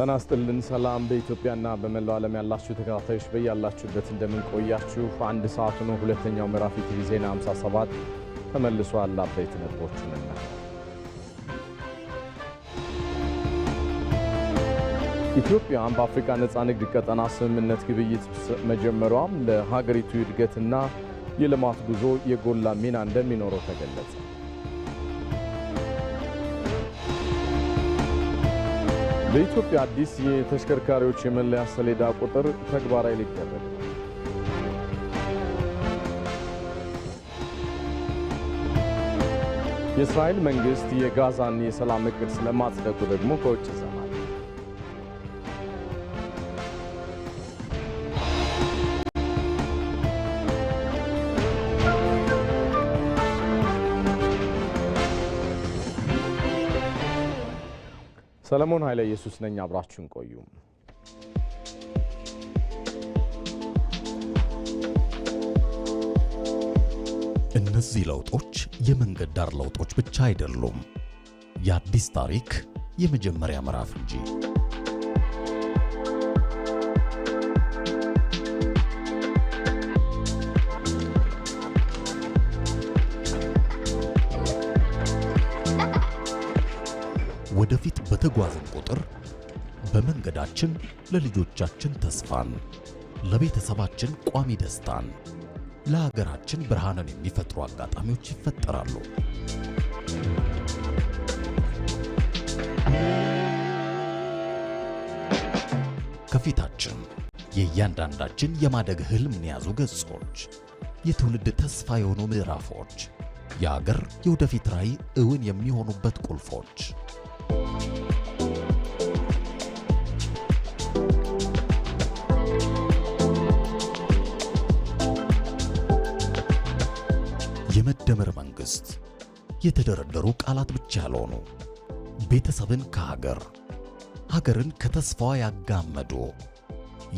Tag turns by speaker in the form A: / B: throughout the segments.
A: ጤና ይስጥልን። ሰላም በኢትዮጵያና በመላው ዓለም ያላችሁ ተከታታዮች በያላችሁበት እንደምንቆያችሁ፣ አንድ ሰዓት ነው። ሁለተኛው ምዕራፍ ኢቲቪ ዜና 57 ተመልሷል። አበይት ነጥቦችን ኢትዮጵያም በአፍሪካ ነፃ ንግድ ቀጠና ስምምነት ግብይት መጀመሯም ለሀገሪቱ እድገትና የልማት ጉዞ የጎላ ሚና እንደሚኖረው ተገለጸ። በኢትዮጵያ አዲስ የተሽከርካሪዎች የመለያ ሰሌዳ ቁጥር ተግባራዊ ሊደረግ የእስራኤል መንግሥት የጋዛን የሰላም ዕቅድ ስለማጽደቁ ደግሞ ከውጭ ሰለሞን ኃይለ ኢየሱስ ነኝ። አብራችሁን ቆዩ።
B: እነዚህ ለውጦች የመንገድ ዳር ለውጦች ብቻ አይደሉም፣ የአዲስ ታሪክ የመጀመሪያ ምዕራፍ እንጂ። በተጓዝን ቁጥር በመንገዳችን ለልጆቻችን ተስፋን፣ ለቤተሰባችን ቋሚ ደስታን፣ ለሀገራችን ብርሃንን የሚፈጥሩ አጋጣሚዎች ይፈጠራሉ። ከፊታችን የእያንዳንዳችን የማደግ ህልምን የያዙ ገጾች፣ የትውልድ ተስፋ የሆኑ ምዕራፎች፣ የአገር የወደፊት ራዕይ እውን የሚሆኑበት ቁልፎች የመደመር መንግስት የተደረደሩ ቃላት ብቻ ያልሆኑ ቤተሰብን ከሀገር ሀገርን ከተስፋዋ ያጋመዱ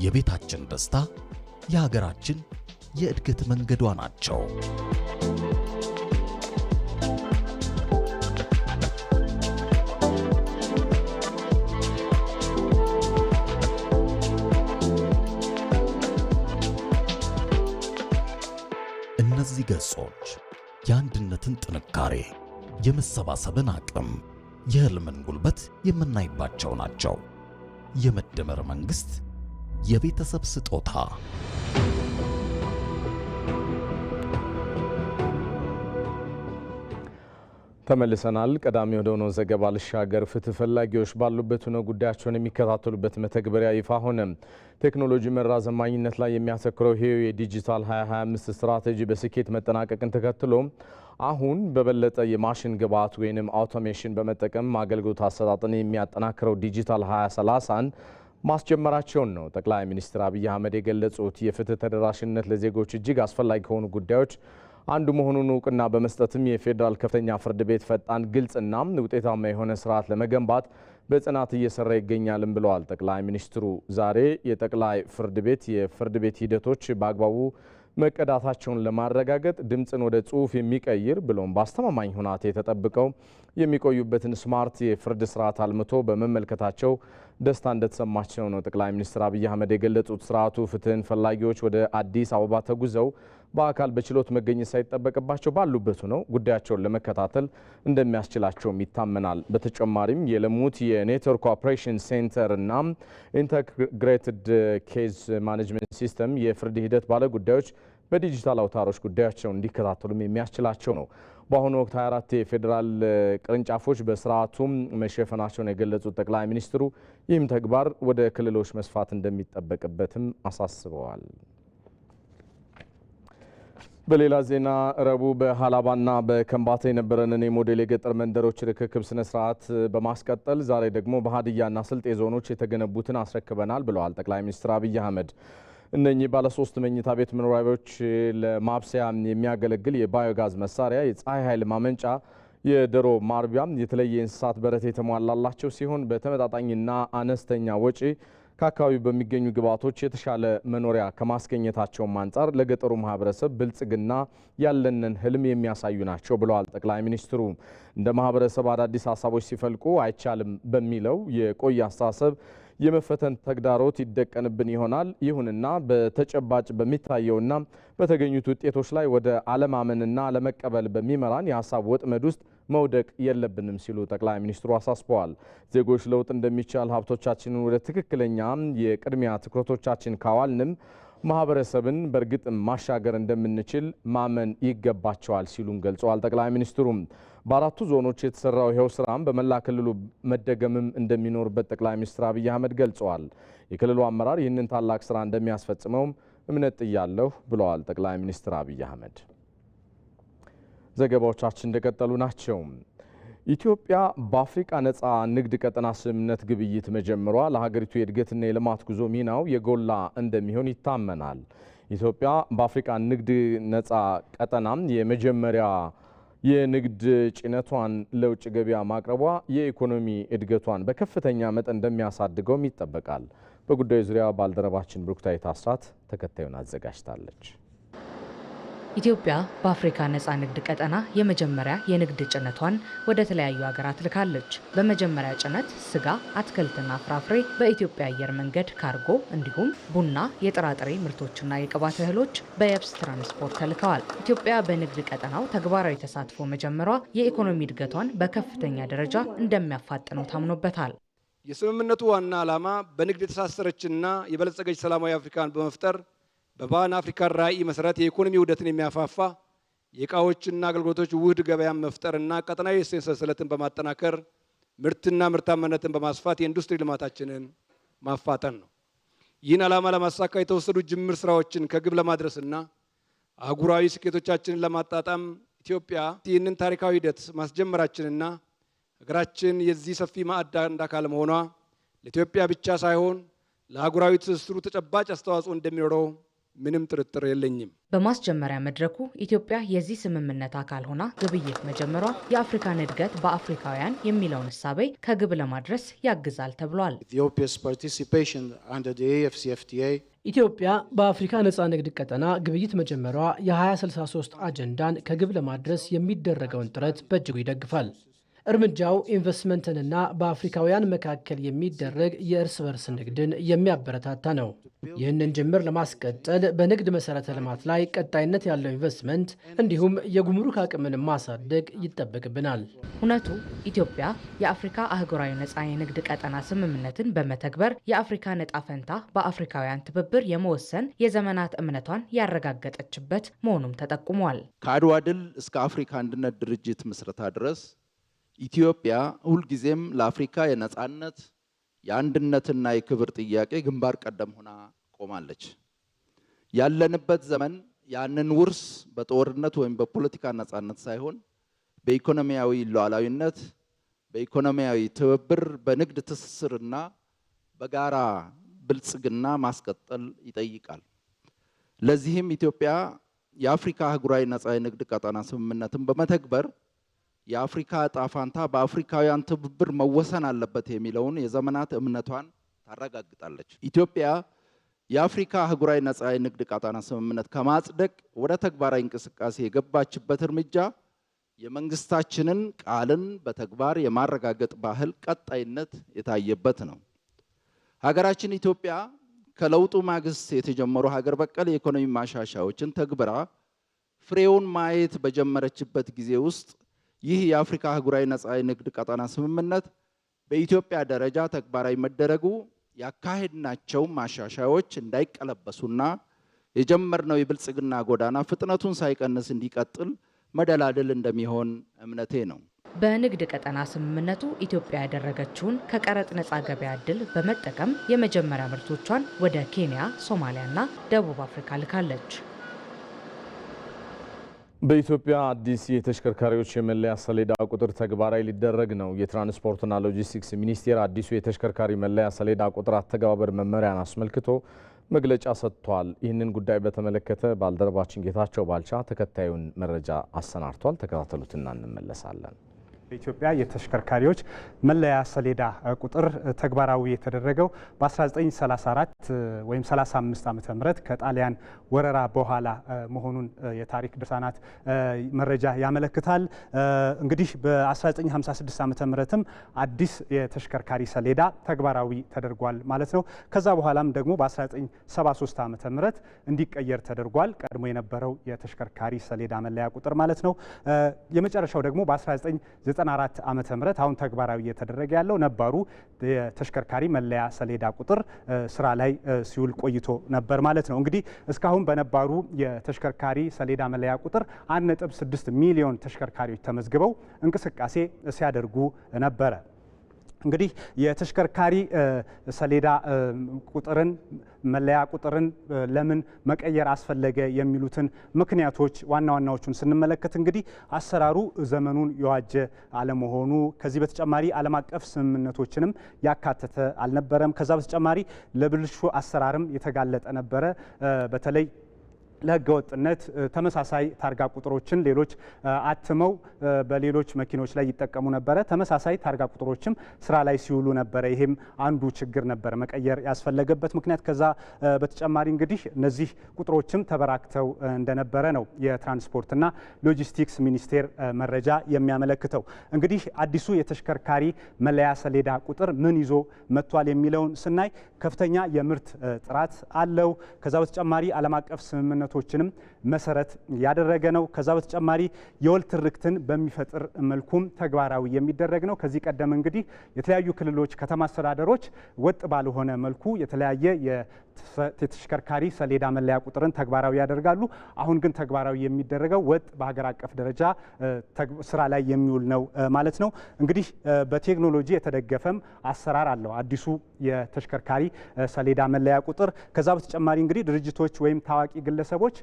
B: የቤታችን ደስታ የሀገራችን የእድገት መንገዷ ናቸው። እነዚህ ገጾች የአንድነትን ጥንካሬ፣ የመሰባሰብን አቅም፣ የህልምን ጉልበት የምናይባቸው ናቸው። የመደመር መንግስት! የቤተሰብ ስጦታ
A: ተመልሰናል። ቀዳሚ ወደ ሆነው ዘገባ ልሻገር። ፍትህ ፈላጊዎች ባሉበት ሆነው ጉዳያቸውን የሚከታተሉበት መተግበሪያ ይፋ ሆነ። ቴክኖሎጂ መራ ዘማኝነት ላይ የሚያተኩረው ይህ የዲጂታል 2025 ስትራቴጂ በስኬት መጠናቀቅን ተከትሎ አሁን በበለጠ የማሽን ግብዓት ወይም አውቶሜሽን በመጠቀም አገልግሎት አሰጣጥን የሚያጠናክረው ዲጂታል 2030ን ማስጀመራቸውን ነው ጠቅላይ ሚኒስትር አብይ አህመድ የገለጹት። የፍትህ ተደራሽነት ለዜጎች እጅግ አስፈላጊ ከሆኑ ጉዳዮች አንዱ መሆኑን እውቅና በመስጠትም የፌዴራል ከፍተኛ ፍርድ ቤት ፈጣን ግልጽና ውጤታማ የሆነ ስርዓት ለመገንባት በጽናት እየሰራ ይገኛልም ብለዋል ጠቅላይ ሚኒስትሩ። ዛሬ የጠቅላይ ፍርድ ቤት የፍርድ ቤት ሂደቶች በአግባቡ መቀዳታቸውን ለማረጋገጥ ድምፅን ወደ ጽሑፍ የሚቀይር ብሎም በአስተማማኝ ሁናቴ ተጠብቀው የሚቆዩበትን ስማርት የፍርድ ስርዓት አልምቶ በመመልከታቸው ደስታ እንደተሰማቸው ነው ጠቅላይ ሚኒስትር አብይ አህመድ የገለጹት። ስርዓቱ ፍትህን ፈላጊዎች ወደ አዲስ አበባ ተጉዘው በአካል በችሎት መገኘት ሳይጠበቅባቸው ባሉበት ሆነው ጉዳያቸውን ለመከታተል እንደሚያስችላቸውም ይታመናል። በተጨማሪም የለሙት የኔትወርክ ኦፕሬሽን ሴንተር እና ኢንተግሬትድ ኬዝ ማኔጅመንት ሲስተም የፍርድ ሂደት ባለጉዳዮች በዲጂታል አውታሮች ጉዳያቸውን እንዲከታተሉም የሚያስችላቸው ነው። በአሁኑ ወቅት 24 የፌዴራል ቅርንጫፎች በስርዓቱም መሸፈናቸውን የገለጹት ጠቅላይ ሚኒስትሩ ይህም ተግባር ወደ ክልሎች መስፋት እንደሚጠበቅበትም አሳስበዋል። በሌላ ዜና ረቡዕ በሀላባና በከምባታ የነበረንን የሞዴል የገጠር መንደሮች ርክክብ ስነ ስርዓት በማስቀጠል ዛሬ ደግሞ በሀዲያና ስልጤ ዞኖች የተገነቡትን አስረክበናል ብለዋል ጠቅላይ ሚኒስትር አብይ አህመድ። እነኚህ ባለሶስት መኝታ ቤት መኖሪያዎች ለማብሰያ የሚያገለግል የባዮጋዝ መሳሪያ፣ የፀሐይ ኃይል ማመንጫ፣ የዶሮ ማርቢያም፣ የተለየ እንስሳት በረት የተሟላላቸው ሲሆን በተመጣጣኝና አነስተኛ ወጪ ከአካባቢው በሚገኙ ግብዓቶች የተሻለ መኖሪያ ከማስገኘታቸውም አንጻር ለገጠሩ ማህበረሰብ ብልጽግና ያለንን ህልም የሚያሳዩ ናቸው ብለዋል ጠቅላይ ሚኒስትሩ። እንደ ማህበረሰብ አዳዲስ ሀሳቦች ሲፈልቁ አይቻልም በሚለው የቆየ አስተሳሰብ የመፈተን ተግዳሮት ይደቀንብን ይሆናል። ይሁንና በተጨባጭ በሚታየውና በተገኙት ውጤቶች ላይ ወደ አለማመንና አለመቀበል በሚመራን የሀሳብ ወጥመድ ውስጥ መውደቅ የለብንም ሲሉ ጠቅላይ ሚኒስትሩ አሳስበዋል። ዜጎች ለውጥ እንደሚቻል ሀብቶቻችንን ወደ ትክክለኛ የቅድሚያ ትኩረቶቻችን ካዋልንም ማህበረሰብን በእርግጥ ማሻገር እንደምንችል ማመን ይገባቸዋል ሲሉም ገልጸዋል። ጠቅላይ ሚኒስትሩም በአራቱ ዞኖች የተሰራው ይኸው ስራም በመላ ክልሉ መደገምም እንደሚኖርበት ጠቅላይ ሚኒስትር አብይ አህመድ ገልጸዋል። የክልሉ አመራር ይህንን ታላቅ ስራ እንደሚያስፈጽመውም እምነት ጥያለሁ ብለዋል ጠቅላይ ሚኒስትር አብይ አህመድ። ዘገባዎቻችን እንደቀጠሉ ናቸው። ኢትዮጵያ በአፍሪካ ነፃ ንግድ ቀጠና ስምምነት ግብይት መጀመሯ ለሀገሪቱ የእድገትና የልማት ጉዞ ሚናው የጎላ እንደሚሆን ይታመናል። ኢትዮጵያ በአፍሪካ ንግድ ነፃ ቀጠናም የመጀመሪያ የንግድ ጭነቷን ለውጭ ገበያ ማቅረቧ የኢኮኖሚ እድገቷን በከፍተኛ መጠን እንደሚያሳድገውም ይጠበቃል። በጉዳዩ ዙሪያ ባልደረባችን ብሩክታዊት አስራት ተከታዩን አዘጋጅታለች።
C: ኢትዮጵያ በአፍሪካ ነፃ ንግድ ቀጠና የመጀመሪያ የንግድ ጭነቷን ወደ ተለያዩ ሀገራት ልካለች። በመጀመሪያ ጭነት ስጋ፣ አትክልትና ፍራፍሬ፣ በኢትዮጵያ አየር መንገድ ካርጎ እንዲሁም ቡና፣ የጥራጥሬ ምርቶችና የቅባት እህሎች በየብስ ትራንስፖርት ተልከዋል። ኢትዮጵያ በንግድ ቀጠናው ተግባራዊ ተሳትፎ መጀመሯ የኢኮኖሚ እድገቷን በከፍተኛ ደረጃ እንደሚያፋጥነው ታምኖበታል።
D: የስምምነቱ ዋና ዓላማ በንግድ የተሳሰረችና የበለጸገች ሰላማዊ አፍሪካን በመፍጠር በፓን አፍሪካን ራዕይ መሰረት የኢኮኖሚ ውህደትን የሚያፋፋ የእቃዎችና አገልግሎቶች ውህድ ገበያን መፍጠርና ቀጠናዊ ሰንሰለትን በማጠናከር ምርትና ምርታማነትን በማስፋት የኢንዱስትሪ ልማታችንን ማፋጠን ነው። ይህን ዓላማ ለማሳካ የተወሰዱ ጅምር ስራዎችን ከግብ ለማድረስና አህጉራዊ ስኬቶቻችንን ለማጣጣም ኢትዮጵያ ይህንን ታሪካዊ ሂደት ማስጀመራችንና ሀገራችን የዚህ ሰፊ ማዕድ አንድ አካል መሆኗ ለኢትዮጵያ ብቻ ሳይሆን ለአህጉራዊ ትስስሩ ተጨባጭ አስተዋጽኦ እንደሚኖረው ምንም ጥርጥር የለኝም።
C: በማስጀመሪያ መድረኩ ኢትዮጵያ የዚህ ስምምነት አካል ሆና ግብይት መጀመሯ የአፍሪካን እድገት በአፍሪካውያን የሚለውን እሳቤ ከግብ ለማድረስ ያግዛል ተብሏል። ኢትዮጵያ በአፍሪካ ነፃ ንግድ ቀጠና ግብይት መጀመሯ የ2063 አጀንዳን ከግብ ለማድረስ የሚደረገውን ጥረት በእጅጉ ይደግፋል። እርምጃው ኢንቨስትመንትንና በአፍሪካውያን መካከል የሚደረግ የእርስ በርስ ንግድን የሚያበረታታ ነው። ይህንን ጅምር ለማስቀጠል በንግድ መሠረተ ልማት ላይ ቀጣይነት ያለው ኢንቨስትመንት እንዲሁም የጉምሩክ አቅምን ማሳደግ ይጠበቅብናል። እውነቱ ኢትዮጵያ የአፍሪካ አህጉራዊ ነፃ የንግድ ቀጠና ስምምነትን በመተግበር የአፍሪካ ነጣ ፈንታ በአፍሪካውያን ትብብር የመወሰን የዘመናት እምነቷን ያረጋገጠችበት መሆኑም ተጠቁሟል።
D: ከአድዋ ድል እስከ አፍሪካ አንድነት ድርጅት ምስረታ ድረስ ኢትዮጵያ ሁልጊዜም ለአፍሪካ የነጻነት የአንድነትና የክብር ጥያቄ ግንባር ቀደም ሆና ቆማለች። ያለንበት ዘመን ያንን ውርስ በጦርነት ወይም በፖለቲካ ነጻነት ሳይሆን በኢኮኖሚያዊ ሉዓላዊነት፣ በኢኮኖሚያዊ ትብብር፣ በንግድ ትስስርና በጋራ ብልጽግና ማስቀጠል ይጠይቃል። ለዚህም ኢትዮጵያ የአፍሪካ አህጉራዊ ነጻ የንግድ ቀጠና ስምምነትን በመተግበር የአፍሪካ ዕጣ ፋንታ በአፍሪካውያን ትብብር መወሰን አለበት የሚለውን የዘመናት እምነቷን ታረጋግጣለች። ኢትዮጵያ የአፍሪካ አህጉራዊ ነጻ የንግድ ቀጣና ስምምነት ከማጽደቅ ወደ ተግባራዊ እንቅስቃሴ የገባችበት እርምጃ የመንግስታችንን ቃልን በተግባር የማረጋገጥ ባህል ቀጣይነት የታየበት ነው። ሀገራችን ኢትዮጵያ ከለውጡ ማግስት የተጀመሩ ሀገር በቀል የኢኮኖሚ ማሻሻያዎችን ተግብራ ፍሬውን ማየት በጀመረችበት ጊዜ ውስጥ ይህ የአፍሪካ አህጉራዊ ነጻ የንግድ ቀጠና ስምምነት በኢትዮጵያ ደረጃ ተግባራዊ መደረጉ ያካሄድናቸው ማሻሻያዎች እንዳይቀለበሱና የጀመርነው የብልጽግና ጎዳና ፍጥነቱን ሳይቀንስ እንዲቀጥል መደላደል እንደሚሆን እምነቴ ነው።
C: በንግድ ቀጠና ስምምነቱ ኢትዮጵያ ያደረገችውን ከቀረጥ ነጻ ገበያ እድል በመጠቀም የመጀመሪያ ምርቶቿን ወደ ኬንያ፣ ሶማሊያና ደቡብ አፍሪካ ልካለች።
A: በኢትዮጵያ አዲስ የተሽከርካሪዎች የመለያ ሰሌዳ ቁጥር ተግባራዊ ሊደረግ ነው። የትራንስፖርትና ሎጂስቲክስ ሚኒስቴር አዲሱ የተሽከርካሪ መለያ ሰሌዳ ቁጥር አተገባበር መመሪያን አስመልክቶ መግለጫ ሰጥቷል። ይህንን ጉዳይ በተመለከተ ባልደረባችን ጌታቸው ባልቻ ተከታዩን መረጃ አሰናድቷል። ተከታተሉትና እንመለሳለን።
E: በኢትዮጵያ የተሽከርካሪዎች መለያ ሰሌዳ ቁጥር ተግባራዊ የተደረገው በ1934 ወይም 35 ዓመተ ም ከጣሊያን ወረራ በኋላ መሆኑን የታሪክ ድርሳናት መረጃ ያመለክታል። እንግዲህ በ1956 ዓመተ ምህረትም አዲስ የተሽከርካሪ ሰሌዳ ተግባራዊ ተደርጓል ማለት ነው። ከዛ በኋላም ደግሞ በ1973 ዓ ም እንዲቀየር ተደርጓል፣ ቀድሞ የነበረው የተሽከርካሪ ሰሌዳ መለያ ቁጥር ማለት ነው። የመጨረሻው ደግሞ በ 19 ዓመተ ምህረት አሁን ተግባራዊ እየተደረገ ያለው ነባሩ የተሽከርካሪ መለያ ሰሌዳ ቁጥር ስራ ላይ ሲውል ቆይቶ ነበር ማለት ነው። እንግዲህ እስካሁን በነባሩ የተሽከርካሪ ሰሌዳ መለያ ቁጥር 1.6 ሚሊዮን ተሽከርካሪዎች ተመዝግበው እንቅስቃሴ ሲያደርጉ ነበረ። እንግዲህ የተሽከርካሪ ሰሌዳ ቁጥርን መለያ ቁጥርን ለምን መቀየር አስፈለገ የሚሉትን ምክንያቶች ዋና ዋናዎቹን ስንመለከት እንግዲህ አሰራሩ ዘመኑን የዋጀ አለመሆኑ፣ ከዚህ በተጨማሪ ዓለም አቀፍ ስምምነቶችንም ያካተተ አልነበረም። ከዛ በተጨማሪ ለብልሹ አሰራርም የተጋለጠ ነበረ በተለይ ለህገወጥነት ተመሳሳይ ታርጋ ቁጥሮችን ሌሎች አትመው በሌሎች መኪኖች ላይ ይጠቀሙ ነበረ። ተመሳሳይ ታርጋ ቁጥሮችም ስራ ላይ ሲውሉ ነበረ። ይሄም አንዱ ችግር ነበረ መቀየር ያስፈለገበት ምክንያት። ከዛ በተጨማሪ እንግዲህ እነዚህ ቁጥሮችም ተበራክተው እንደነበረ ነው የትራንስፖርትና ሎጂስቲክስ ሚኒስቴር መረጃ የሚያመለክተው። እንግዲህ አዲሱ የተሽከርካሪ መለያ ሰሌዳ ቁጥር ምን ይዞ መጥቷል የሚለውን ስናይ ከፍተኛ የምርት ጥራት አለው። ከዛ በተጨማሪ ዓለም አቀፍ ስምምነ እውነቶችንም መሰረት ያደረገ ነው። ከዛ በተጨማሪ የወል ትርክትን በሚፈጥር መልኩም ተግባራዊ የሚደረግ ነው። ከዚህ ቀደም እንግዲህ የተለያዩ ክልሎች፣ ከተማ አስተዳደሮች ወጥ ባልሆነ መልኩ የተለያየ የተሽከርካሪ ሰሌዳ መለያ ቁጥርን ተግባራዊ ያደርጋሉ። አሁን ግን ተግባራዊ የሚደረገው ወጥ በሀገር አቀፍ ደረጃ ስራ ላይ የሚውል ነው ማለት ነው። እንግዲህ በቴክኖሎጂ የተደገፈም አሰራር አለው አዲሱ የተሽከርካሪ ሰሌዳ መለያ ቁጥር። ከዛ በተጨማሪ እንግዲህ ድርጅቶች ወይም ታዋቂ ግለሰቦች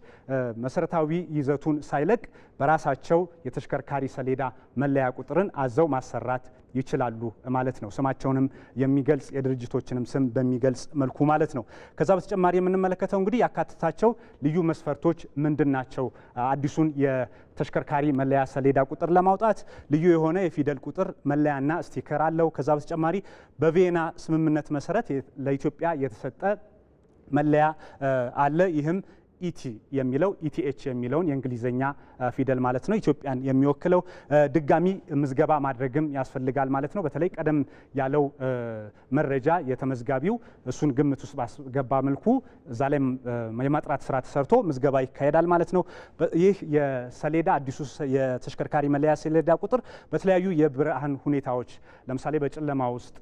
E: መሰረታዊ ይዘቱን ሳይለቅ በራሳቸው የተሽከርካሪ ሰሌዳ መለያ ቁጥርን አዘው ማሰራት ይችላሉ ማለት ነው። ስማቸውንም የሚገልጽ የድርጅቶችንም ስም በሚገልጽ መልኩ ማለት ነው። ከዛ በተጨማሪ የምንመለከተው እንግዲህ ያካተታቸው ልዩ መስፈርቶች ምንድን ናቸው? አዲሱን የተሽከርካሪ መለያ ሰሌዳ ቁጥር ለማውጣት ልዩ የሆነ የፊደል ቁጥር መለያና ስቲከር አለው። ከዛ በተጨማሪ በቪየና ስምምነት መሰረት ለኢትዮጵያ የተሰጠ መለያ አለ። ይህም ኢቲ የሚለው ኢቲኤች የሚለውን የእንግሊዝኛ ፊደል ማለት ነው ኢትዮጵያን የሚወክለው ድጋሚ ምዝገባ ማድረግም ያስፈልጋል ማለት ነው። በተለይ ቀደም ያለው መረጃ የተመዝጋቢው እሱን ግምት ውስጥ ባስገባ መልኩ እዛ ላይ የማጥራት ስራ ተሰርቶ ምዝገባ ይካሄዳል ማለት ነው። ይህ የሰሌዳ አዲሱ የተሽከርካሪ መለያ ሰሌዳ ቁጥር በተለያዩ የብርሃን ሁኔታዎች ለምሳሌ በጨለማ ውስጥ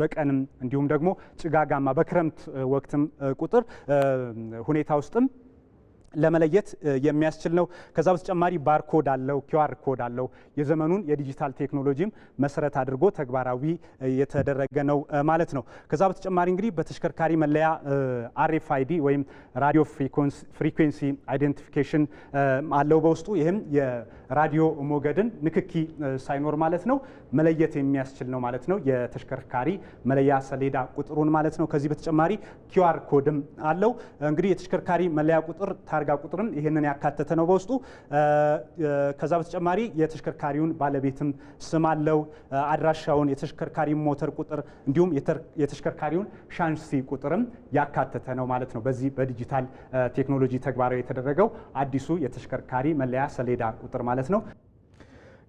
E: በቀንም እንዲሁም ደግሞ ጭጋጋማ በክረምት ወቅትም ቁጥር ሁኔታ ውስጥም ለመለየት የሚያስችል ነው። ከዛ በተጨማሪ ባርኮድ አለው፣ ኪዋር ኮድ አለው። የዘመኑን የዲጂታል ቴክኖሎጂም መሰረት አድርጎ ተግባራዊ የተደረገ ነው ማለት ነው። ከዛ በተጨማሪ እንግዲህ በተሽከርካሪ መለያ አርኤፍአይዲ ወይም ራዲዮ ፍሪኩንሲ አይደንቲፊኬሽን አለው በውስጡ ይህም የራዲዮ ሞገድን ንክኪ ሳይኖር ማለት ነው መለየት የሚያስችል ነው ማለት ነው። የተሽከርካሪ መለያ ሰሌዳ ቁጥሩን ማለት ነው። ከዚህ በተጨማሪ ኪዋር ኮድም አለው እንግዲህ የተሽከርካሪ መለያ ቁጥር ታርጋ ቁጥርም ይህንን ያካተተ ነው በውስጡ። ከዛ በተጨማሪ የተሽከርካሪውን ባለቤትም ስም አለው፣ አድራሻውን፣ የተሽከርካሪ ሞተር ቁጥር እንዲሁም የተሽከርካሪውን ሻንሲ ቁጥርም ያካተተ ነው ማለት ነው። በዚህ በዲጂታል ቴክኖሎጂ ተግባራዊ የተደረገው አዲሱ የተሽከርካሪ መለያ ሰሌዳ ቁጥር ማለት ነው።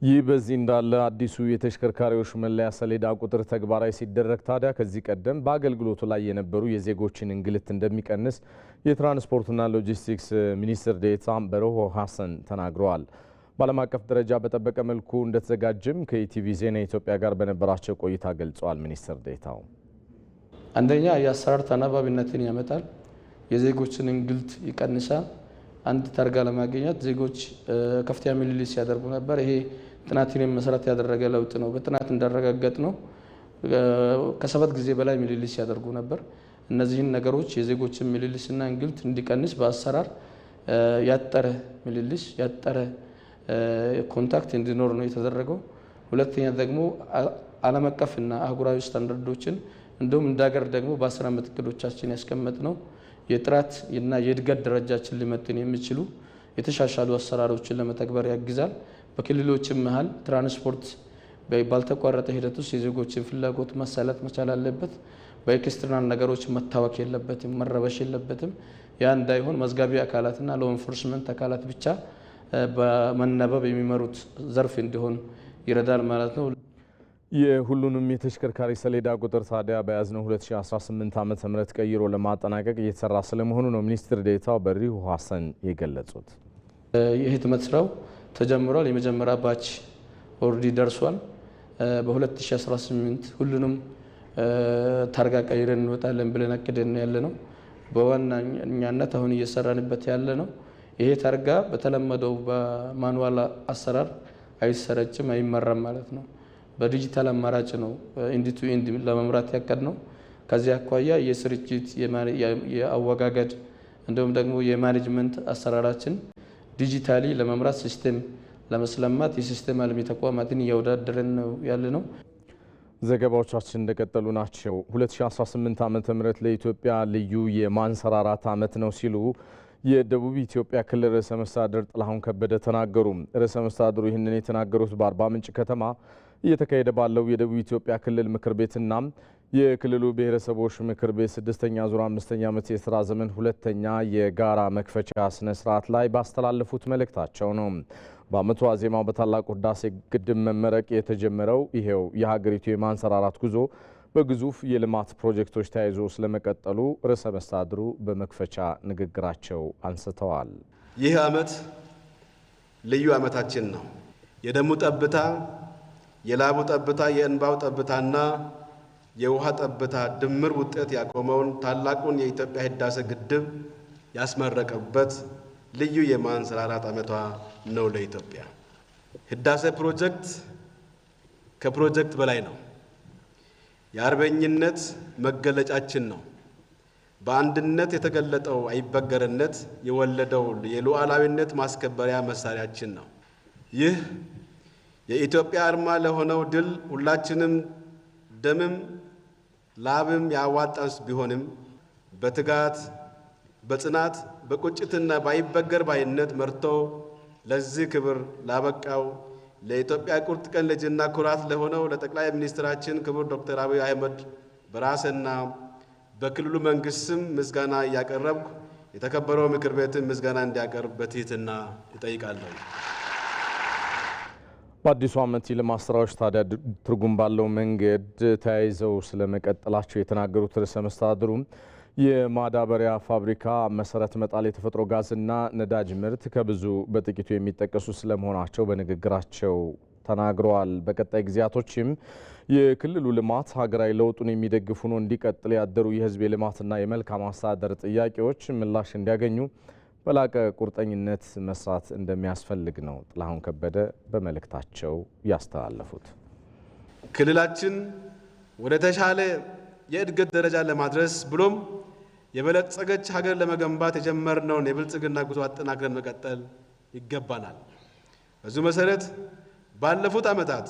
A: ይህ በዚህ እንዳለ አዲሱ የተሽከርካሪዎች መለያ ሰሌዳ ቁጥር ተግባራዊ ሲደረግ ታዲያ ከዚህ ቀደም በአገልግሎቱ ላይ የነበሩ የዜጎችን እንግልት እንደሚቀንስ የትራንስፖርትና ሎጂስቲክስ ሚኒስትር ዴታ በረሆ ሀሰን ተናግረዋል። በዓለም አቀፍ ደረጃ በጠበቀ መልኩ እንደተዘጋጅም ከኢቲቪ ዜና ኢትዮጵያ ጋር በነበራቸው ቆይታ ገልጸዋል። ሚኒስትር ዴታው
F: አንደኛ የአሰራር ተናባቢነትን ያመጣል፣ የዜጎችን እንግልት ይቀንሳል። አንድ ታርጋ ለማግኘት ዜጎች ከፍተኛ ምልልስ ሲያደርጉ ነበር። ይሄ ጥናትን መሰረት ያደረገ ለውጥ ነው። በጥናት እንዳረጋገጥ ነው ከሰባት ጊዜ በላይ ምልልስ ያደርጉ ነበር። እነዚህን ነገሮች የዜጎችን ምልልስና እንግልት እንዲቀንስ በአሰራር ያጠረ ምልልስ ያጠረ ኮንታክት እንዲኖር ነው የተደረገው። ሁለተኛ ደግሞ ዓለም አቀፍና አህጉራዊ ስታንዳርዶችን እንዲሁም እንደ ሀገር ደግሞ በአስር ዓመት እቅዶቻችን ያስቀመጥ ነው የጥራት እና የእድገት ደረጃችን ሊመጥን የሚችሉ የተሻሻሉ አሰራሮችን ለመተግበር ያግዛል። በክልሎችም መሀል ትራንስፖርት ባልተቋረጠ ሂደት ውስጥ የዜጎችን ፍላጎት መሰለት መቻል አለበት። በኤክስትርናል ነገሮች መታወክ የለበትም፣ መረበሽ የለበትም። ያ እንዳይሆን መዝጋቢ አካላትና ሎ ኢንፎርስመንት አካላት ብቻ በመነበብ የሚመሩት ዘርፍ እንዲሆን ይረዳል ማለት ነው።
A: የሁሉንም የተሽከርካሪ ሰሌዳ ቁጥር ታዲያ በያዝነው 2018 ዓ.ም ቀይሮ ለማጠናቀቅ እየተሰራ ስለመሆኑ ነው ሚኒስትር ዴታው በሪሁ ሀሰን የገለጹት።
F: የህትመት ስራው ተጀምሯል። የመጀመሪያ ባች ኦልሬዲ ደርሷል። በ2018 ሁሉንም ታርጋ ቀይረን እንወጣለን ብለን አቅደን ያለ ነው። በዋነኛነት አሁን እየሰራንበት ያለ ነው። ይሄ ታርጋ በተለመደው በማኑዋል አሰራር አይሰረጭም፣ አይመራም ማለት ነው። በዲጂታል አማራጭ ነው ኢንድ ቱ ኢንድ ለመምራት ያቀድ ነው። ከዚህ አኳያ የስርጭት የአወጋገድ እንዲሁም ደግሞ የማኔጅመንት አሰራራችን ዲጂታሊ ለመምራት ሲስተም ለመስለማት የሲስተም አልሚ ተቋማትን እያወዳደረን ነው ያለ ነው።
A: ዘገባዎቻችን እንደቀጠሉ ናቸው። 2018 ዓ ም ለኢትዮጵያ ልዩ የማንሰራራት ዓመት ነው ሲሉ የደቡብ ኢትዮጵያ ክልል ርዕሰ መስተዳድር ጥላሁን ከበደ ተናገሩ። ርዕሰ መስተዳድሩ ይህንን የተናገሩት በአርባ ምንጭ ከተማ እየተካሄደ ባለው የደቡብ ኢትዮጵያ ክልል ምክር ቤትና የክልሉ ብሔረሰቦች ምክር ቤት ስድስተኛ ዙር አምስተኛ ዓመት የስራ ዘመን ሁለተኛ የጋራ መክፈቻ ስነ ስርዓት ላይ ባስተላለፉት መልእክታቸው ነው። በዓመቱ ዋዜማ በታላቁ ህዳሴ ግድብ መመረቅ የተጀመረው ይሄው የሀገሪቱ የማንሰራራት ጉዞ በግዙፍ የልማት ፕሮጀክቶች ተያይዞ ስለመቀጠሉ ርዕሰ መስተዳድሩ በመክፈቻ ንግግራቸው አንስተዋል።
G: ይህ ዓመት ልዩ ዓመታችን ነው። የደሙ ጠብታ፣ የላቡ ጠብታ፣ የእንባው ጠብታና የውሃ ጠብታ ድምር ውጤት ያቆመውን ታላቁን የኢትዮጵያ ህዳሴ ግድብ ያስመረቀበት ልዩ የማንሰራራት ዓመቷ ነው። ለኢትዮጵያ ህዳሴ ፕሮጀክት ከፕሮጀክት በላይ ነው። የአርበኝነት መገለጫችን ነው። በአንድነት የተገለጠው አይበገርነት የወለደው የሉዓላዊነት ማስከበሪያ መሳሪያችን ነው። ይህ የኢትዮጵያ አርማ ለሆነው ድል ሁላችንም ደምም ላብም ያዋጣስ ቢሆንም በትጋት በጽናት በቁጭትና ባይበገር ባይነት መርቶ ለዚህ ክብር ላበቃው ለኢትዮጵያ ቁርጥ ቀን ልጅና ኩራት ለሆነው ለጠቅላይ ሚኒስትራችን ክቡር ዶክተር አብይ አህመድ በራሰና በክልሉ መንግስት ስም ምስጋና እያቀረብኩ የተከበረው ምክር ቤትን ምስጋና እንዲያቀርብ በትህትና እጠይቃለሁ።
A: በአዲሱ ዓመት የልማት ስራዎች ታዲያ ትርጉም ባለው መንገድ ተያይዘው ስለመቀጠላቸው የተናገሩት ርዕሰ መስተዳድሩ የማዳበሪያ ፋብሪካ መሰረት መጣል የተፈጥሮ ጋዝና ነዳጅ ምርት ከብዙ በጥቂቱ የሚጠቀሱ ስለመሆናቸው በንግግራቸው ተናግረዋል። በቀጣይ ጊዜያቶችም የክልሉ ልማት ሀገራዊ ለውጡን የሚደግፍ ሆኖ እንዲቀጥል ያደሩ የህዝብ የልማትና የመልካም አስተዳደር ጥያቄዎች ምላሽ እንዲያገኙ በላቀ ቁርጠኝነት መስራት እንደሚያስፈልግ ነው ጥላሁን ከበደ በመልእክታቸው ያስተላለፉት።
G: ክልላችን ወደ ተሻለ የእድገት ደረጃ ለማድረስ ብሎም የበለጸገች ሀገር ለመገንባት የጀመርነውን የብልጽግና ጉዞ አጠናክረን መቀጠል ይገባናል። በዚሁ መሰረት ባለፉት ዓመታት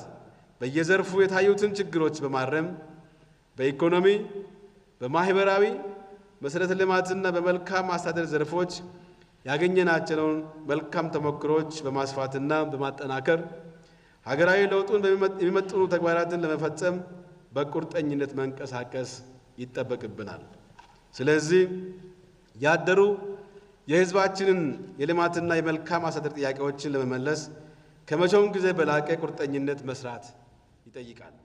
G: በየዘርፉ የታዩትን ችግሮች በማረም በኢኮኖሚ፣ በማህበራዊ መሰረተ ልማትና በመልካም አስተዳደር ዘርፎች ያገኘናቸውን መልካም ተሞክሮች በማስፋትና በማጠናከር ሀገራዊ ለውጡን የሚመጥኑ ተግባራትን ለመፈጸም በቁርጠኝነት መንቀሳቀስ ይጠበቅብናል። ስለዚህ ያደሩ የሕዝባችንን የልማትና የመልካም አስተዳደር ጥያቄዎችን ለመመለስ ከመቼውም ጊዜ በላቀ ቁርጠኝነት መስራት ይጠይቃል።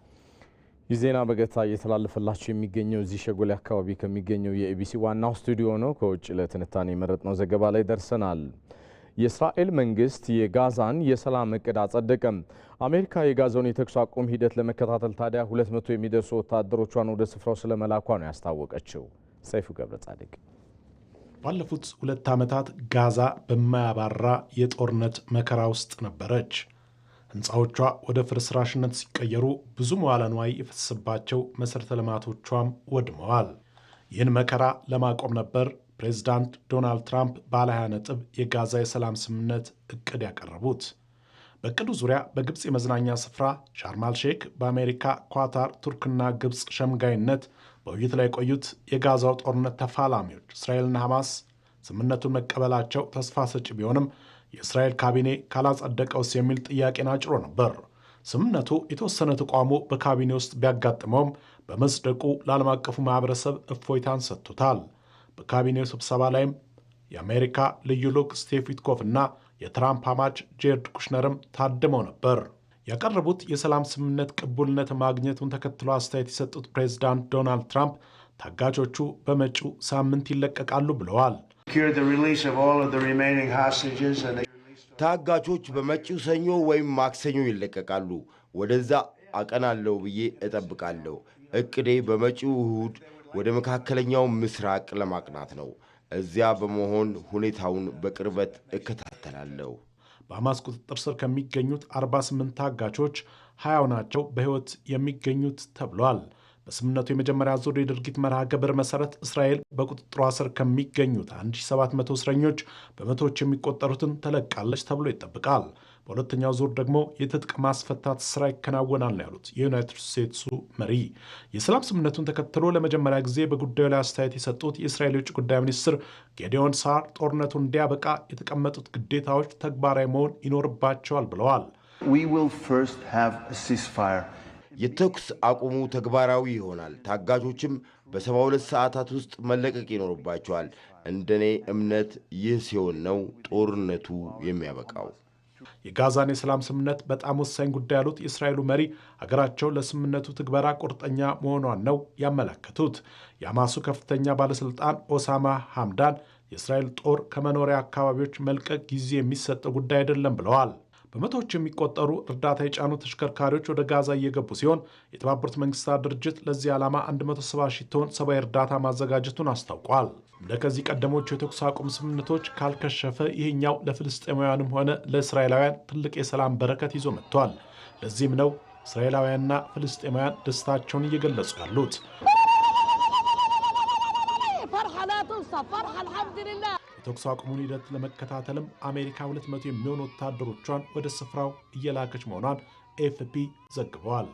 A: ይህ ዜና በቀጥታ እየተላለፈላችሁ የሚገኘው እዚህ ሸጎሌ አካባቢ ከሚገኘው የኢቢሲ ዋናው ስቱዲዮ ነው። ከውጭ ለትንታኔ የመረጥነው ዘገባ ላይ ደርሰናል። የእስራኤል መንግስት የጋዛን የሰላም እቅድ አጸደቀም። አሜሪካ የጋዛውን የተኩስ አቁም ሂደት ለመከታተል ታዲያ 200 የሚደርሱ ወታደሮቿን ወደ ስፍራው ስለመላኳ ነው ያስታወቀችው። ሰይፉ ገብረ ጻድቅ
H: ባለፉት ሁለት ዓመታት ጋዛ በማያባራ የጦርነት መከራ ውስጥ ነበረች። ሕንፃዎቿ ወደ ፍርስራሽነት ሲቀየሩ ብዙ መዋለ ንዋይ የፈሰሰባቸው መሠረተ ልማቶቿም ወድመዋል። ይህን መከራ ለማቆም ነበር ፕሬዚዳንት ዶናልድ ትራምፕ ባለ 20 ነጥብ የጋዛ የሰላም ስምምነት እቅድ ያቀረቡት። በእቅዱ ዙሪያ በግብፅ የመዝናኛ ስፍራ ሻርማል ሼክ በአሜሪካ፣ ኳታር፣ ቱርክና ግብፅ ሸምጋይነት በውይይት ላይ የቆዩት የጋዛው ጦርነት ተፋላሚዎች እስራኤልና ሐማስ ስምምነቱን መቀበላቸው ተስፋ ሰጪ ቢሆንም የእስራኤል ካቢኔ ካላጸደቀውስ የሚል ጥያቄን አጭሮ ነበር። ስምምነቱ የተወሰነ ተቋሙ በካቢኔ ውስጥ ቢያጋጥመውም በመጽደቁ ለዓለም አቀፉ ማኅበረሰብ እፎይታን ሰጥቶታል። በካቢኔው ስብሰባ ላይም የአሜሪካ ልዩ ልዑክ ስቲቭ ዊትኮፍ እና የትራምፕ አማች ጄርድ ኩሽነርም ታድመው ነበር። ያቀረቡት የሰላም ስምምነት ቅቡልነት ማግኘቱን ተከትሎ አስተያየት የሰጡት ፕሬዚዳንት ዶናልድ ትራምፕ ታጋቾቹ በመጪው ሳምንት ይለቀቃሉ ብለዋል።
I: ታጋቾች በመጪው ሰኞ ወይም ማክሰኞ ይለቀቃሉ። ወደዛ አቀናለሁ ብዬ እጠብቃለሁ። እቅዴ በመጪው እሁድ ወደ መካከለኛው ምስራቅ ለማቅናት ነው። እዚያ በመሆን ሁኔታውን በቅርበት እከታተላለሁ።
H: በሐማስ ቁጥጥር ስር ከሚገኙት 48 ታጋቾች ሀያው ናቸው በሕይወት የሚገኙት ተብሏል። በስምምነቱ የመጀመሪያ ዙር የድርጊት መርሃ ግብር መሰረት እስራኤል በቁጥጥሯ ስር ከሚገኙት 1700 እስረኞች በመቶዎች የሚቆጠሩትን ተለቃለች ተብሎ ይጠብቃል። በሁለተኛው ዙር ደግሞ የትጥቅ ማስፈታት ስራ ይከናወናል ነው ያሉት የዩናይትድ ስቴትሱ መሪ። የሰላም ስምምነቱን ተከትሎ ለመጀመሪያ ጊዜ በጉዳዩ ላይ አስተያየት የሰጡት የእስራኤል የውጭ ጉዳይ ሚኒስትር ጌዲዮን ሳር ጦርነቱ እንዲያበቃ የተቀመጡት ግዴታዎች ተግባራዊ መሆን ይኖርባቸዋል ብለዋል።
I: የተኩስ አቁሙ ተግባራዊ ይሆናል። ታጋቾችም በ72 ሰዓታት ውስጥ መለቀቅ ይኖርባቸዋል። እንደኔ እምነት ይህ ሲሆን ነው ጦርነቱ የሚያበቃው።
H: የጋዛን የሰላም ስምምነት በጣም ወሳኝ ጉዳይ ያሉት የእስራኤሉ መሪ ሀገራቸው ለስምምነቱ ትግበራ ቁርጠኛ መሆኗን ነው ያመለከቱት። የሐማሱ ከፍተኛ ባለሥልጣን ኦሳማ ሐምዳን የእስራኤል ጦር ከመኖሪያ አካባቢዎች መልቀቅ ጊዜ የሚሰጠው ጉዳይ አይደለም ብለዋል። በመቶዎች የሚቆጠሩ እርዳታ የጫኑ ተሽከርካሪዎች ወደ ጋዛ እየገቡ ሲሆን የተባበሩት መንግስታት ድርጅት ለዚህ ዓላማ 170 ሺህ ቶን ሰብአዊ እርዳታ ማዘጋጀቱን አስታውቋል። እንደ ከዚህ ቀደሞቹ የተኩስ አቁም ስምምነቶች ካልከሸፈ ይህኛው ለፍልስጤማውያንም ሆነ ለእስራኤላውያን ትልቅ የሰላም በረከት ይዞ መጥቷል። ለዚህም ነው እስራኤላውያንና ፍልስጤማውያን ደስታቸውን እየገለጹ ያሉት።
A: የተኩስ አቁሙን ሂደት ለመከታተልም አሜሪካ 200 የሚሆኑ ወታደሮቿን ወደ ስፍራው እየላከች መሆኗን ኤፍፒ ዘግበዋል።